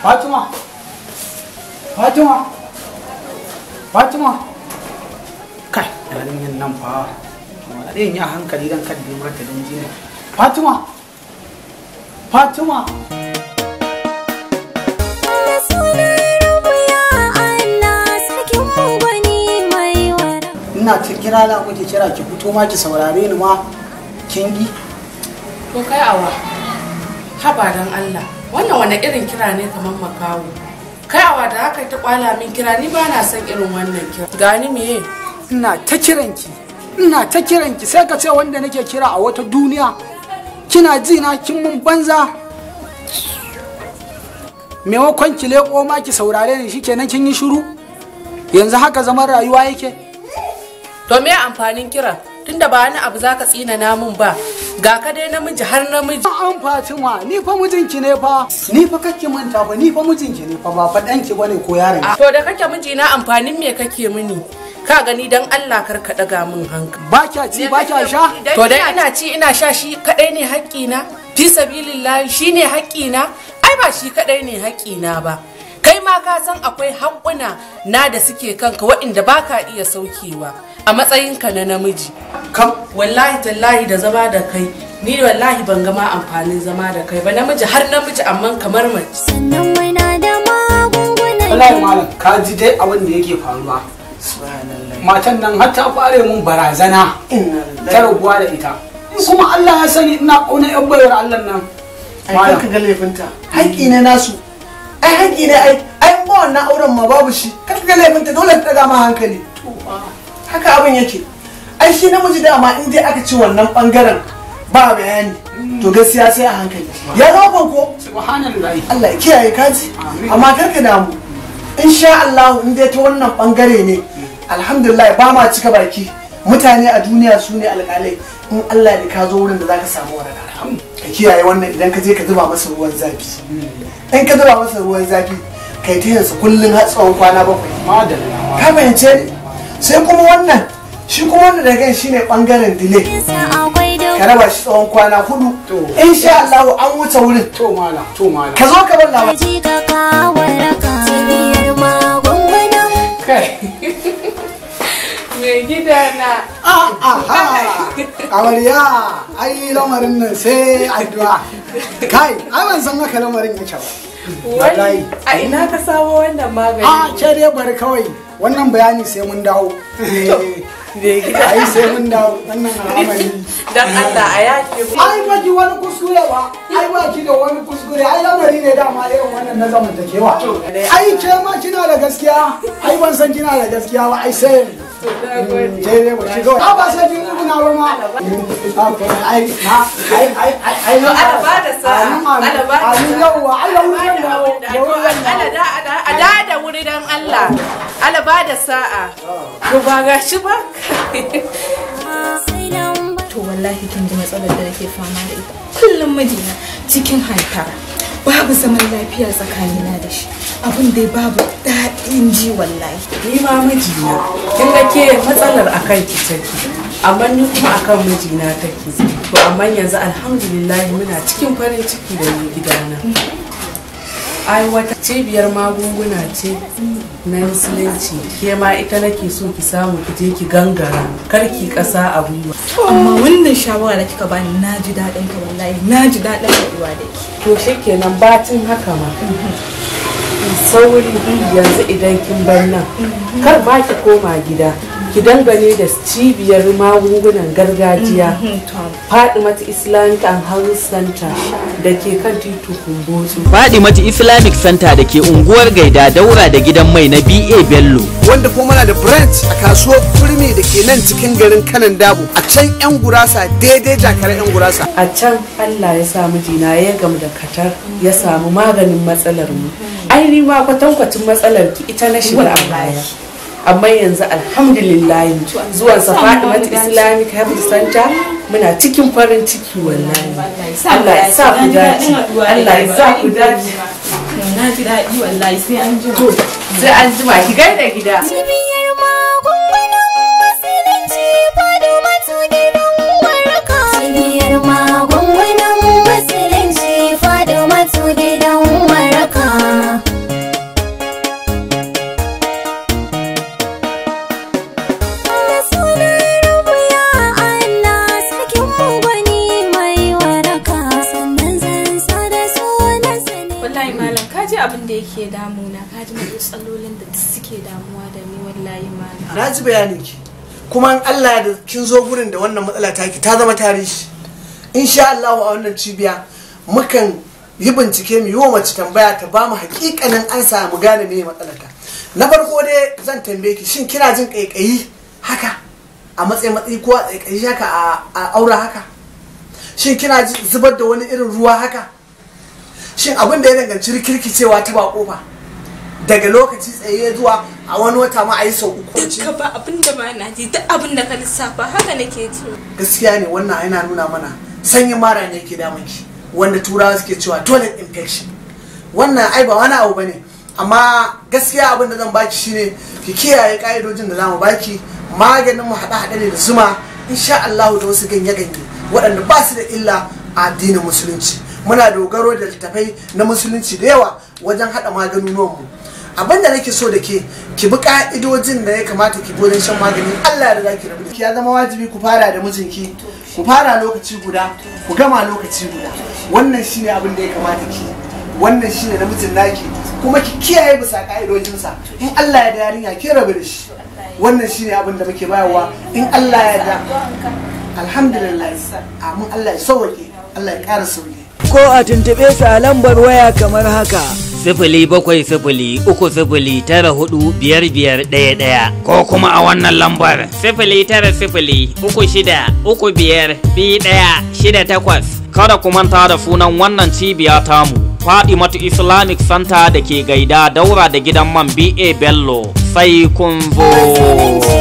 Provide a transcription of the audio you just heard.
Fatima! Fatima! Fatima! Kai, yarinyan nan fa. Ɗayan ya hankali don kan bi mata don jini. Fatima! Fatima! Ina ta kira na kuke kira ki fito ma ki saurare ni ma kin gi. To kai awa. Haba dan Allah. wannan wani irin kira ne kamar makawo kaiwa da haka ta kwala min kira ni ba na son irin wannan kira gani meye ina ta kiranki ina ta kiranki sai ka ce wanda nake kira a wata duniya kina ji na kin mun banza maimakon ki leƙo ma ki saurare ni shikenan kin yi shiru yanzu haka zaman rayuwa yake to me amfanin kira tunda ba wani abu zaka tsina namun ba ga ka dai namiji har namiji ah, an fatima ni fa mijinki ne fa ni fa kake manta ba ni fa mijinki ne fa ba fa danki bane ko yaron to da kake na amfanin me kake mini ka gani dan Allah kar ka daga min hankali ba kya ci ba kya sha to dai ina ci ina sha shi kadai ne na. fi sabilillahi shine na. ai ba shi kadai ne na ba kai ma ka san akwai hankuna na da suke kanka waɗanda ba ka iya saukewa a matsayinka na namiji kam wallahi tallahi da zama da kai ni wallahi ban gama amfanin zama da kai ba namiji har namiji amma kamar mace sannan mai na da magunguna wallahi malam ka ji dai abin da yake faruwa matan nan har ta fare mun barazana ta rubuwa da ita kuma Allah ya sani ina ƙauna yan bayar Allah nan ai ka ga laifinta haƙi ne nasu ai haƙi ne ai ai ba wannan auren ma babu shi ka ga laifinta dole ta daga ma hankali haka abin yake ai shi namiji dama in dai aka ci wannan bangaren ba bayani to gaskiya sai a hankali ya zo ko subhanallahi Allah ya kiyaye kaji amma karka damu insha Allah in dai ta wannan bangare ne alhamdulillah ba ma cika baki mutane a duniya su ne alƙalai in Allah ya ka zo wurin da zaka samu waraka ka kiyaye wannan idan ka je ka zuba masa ruwan zafi in ka zuba masa ruwan zafi kai ta yanzu kullum har tsawon kwana bakwai ka fahimce sai kuma wannan shi kuma wanda da gan shine bangaren delay ka raba shi tsawon kwana hudu insha Allah an wuce wurin to mala to mala ka zo ka bar labari kai mai gidana aha ah, ah. amarya ai lamarin nan sai addu'a kai ai ban san maka lamarin ya cewa wallahi a ina ka samu wannan magani a ah, cere bar bari kawai wannan bayani sai mun dawo bai gida ai sai mun da wannan al'amari dan Allah a yake mu ai ba ki wani kuskure ba ai ba ki da wani kuskure ai lamari ne da ma irin wannan na zamantakewa ai ke ma kina da gaskiya ai ban san kina da gaskiya ba ai sai je ba ki Ala wuri don Allah, ala ba da sa'a, ba ga shi ba. To wallahi kin ji matsalar da nake fama da ita. Kullum mijina cikin hantara. Babu zaman lafiya tsakanina da shi. Abin dai babu daɗin ji wallahi. Ni ma mijina, kin ga ke matsalar akan ki take. amma ni kuma akan mijina take to amma yanzu alhamdulillah muna cikin farin ciki da ni gidana ai wata cibiyar magunguna ce na musulunci ke ma ita nake so ki samu ki je ki gangara kar ki kasa a gwiwa amma wannan shawara da kika bani na ji daɗin ka wallahi na ji daɗin haɗuwa da ki to shikenan batun haka ma sauri yanzu idan kin bar nan kar ba ki koma gida ki dangane da cibiyar magungunan gargajiya mhm, fadimata islamic and health center da ke kan titi kumbotsu fadimata islamic center da ke unguwar gaida daura da gidan mai na ba bello wanda kuma muna da branch a kasuwar kurmi da ke nan cikin garin kanan dabo a can yan gurasa daidai jakarar yan gurasa a can allah ya sa jina ya gamu da katar ya samu maganin matsalar mu mhm. ai ma kwatankwacin matsalar ki ita na shiga a baya amma yanzu alhamdulillah zuwansa mata islamic health center muna cikin farin ciki wannan Allah ya sa ku dace Allah ya sa ku dace na ji daɗi wallahi sai an ji sai an ji ma ki gaida gida Cibiyar magungunan Gida damuwa da ni wallahi ma na ji bayanin ki kuma in Allah da kin zo gurin da wannan matsala ta ki ta zama tarihi insha Allah a wannan cibiya mukan yi bincike mu yi wa mace tambaya ta ba mu hakikanin ansa mu gane me matsalar ka na farko dai zan tambaye ki shin kina jin kaikayi haka a matsayin matsayi ko a kaikayi haka a aura haka shin kina zubar da wani irin ruwa haka shin abin da ya danganci cewa ta ba kofa daga lokaci tsaye zuwa a wani wata ma a yi sau uku ka ba abin da na ji duk abin ka lissafa haka nake ji gaskiya ne wannan yana nuna mana sanyin mara ne ke damun ki wanda turawa suke cewa toilet infection wannan ai ba wani abu bane amma gaskiya abin da zan baki shine ki kiyaye ka'idojin da zamu baki maganin mu hada haɗe ne da zuma insha Allah da wasu ganye-ganye waɗanda ba su da illa a addinin musulunci muna dogaro da littafai na musulunci da yawa wajen haɗa mu abinda nake so da ke ki bi ka'idojin da ya kamata ki bodin shan magani Allah ya zaki ki rabu ki ya zama wajibi ku fara da mijinki ku fara lokaci guda ku gama lokaci guda wannan shine abin da ya kamata ki wannan shine namijin naki kuma ki kiyaye bisa ka'idojinsa in Allah ya da yarinya ki rabu da shi wannan shine abin da muke bayarwa in Allah ya da alhamdulillah amin Allah ya sauke Allah ya ƙara sauke ko a tuntube a lambar waya kamar haka sifili bakwai sifili uku sifili tara hudu biyar biyar ɗaya ɗaya ko kuma a wannan lambar sifili tara sifili uku shida uku biyar biyu shida takwas kada ku manta da sunan wannan cibiya tamu Fadimatu Islamic Center da ke gaida daura da gidan man BA Bello sai kun zo.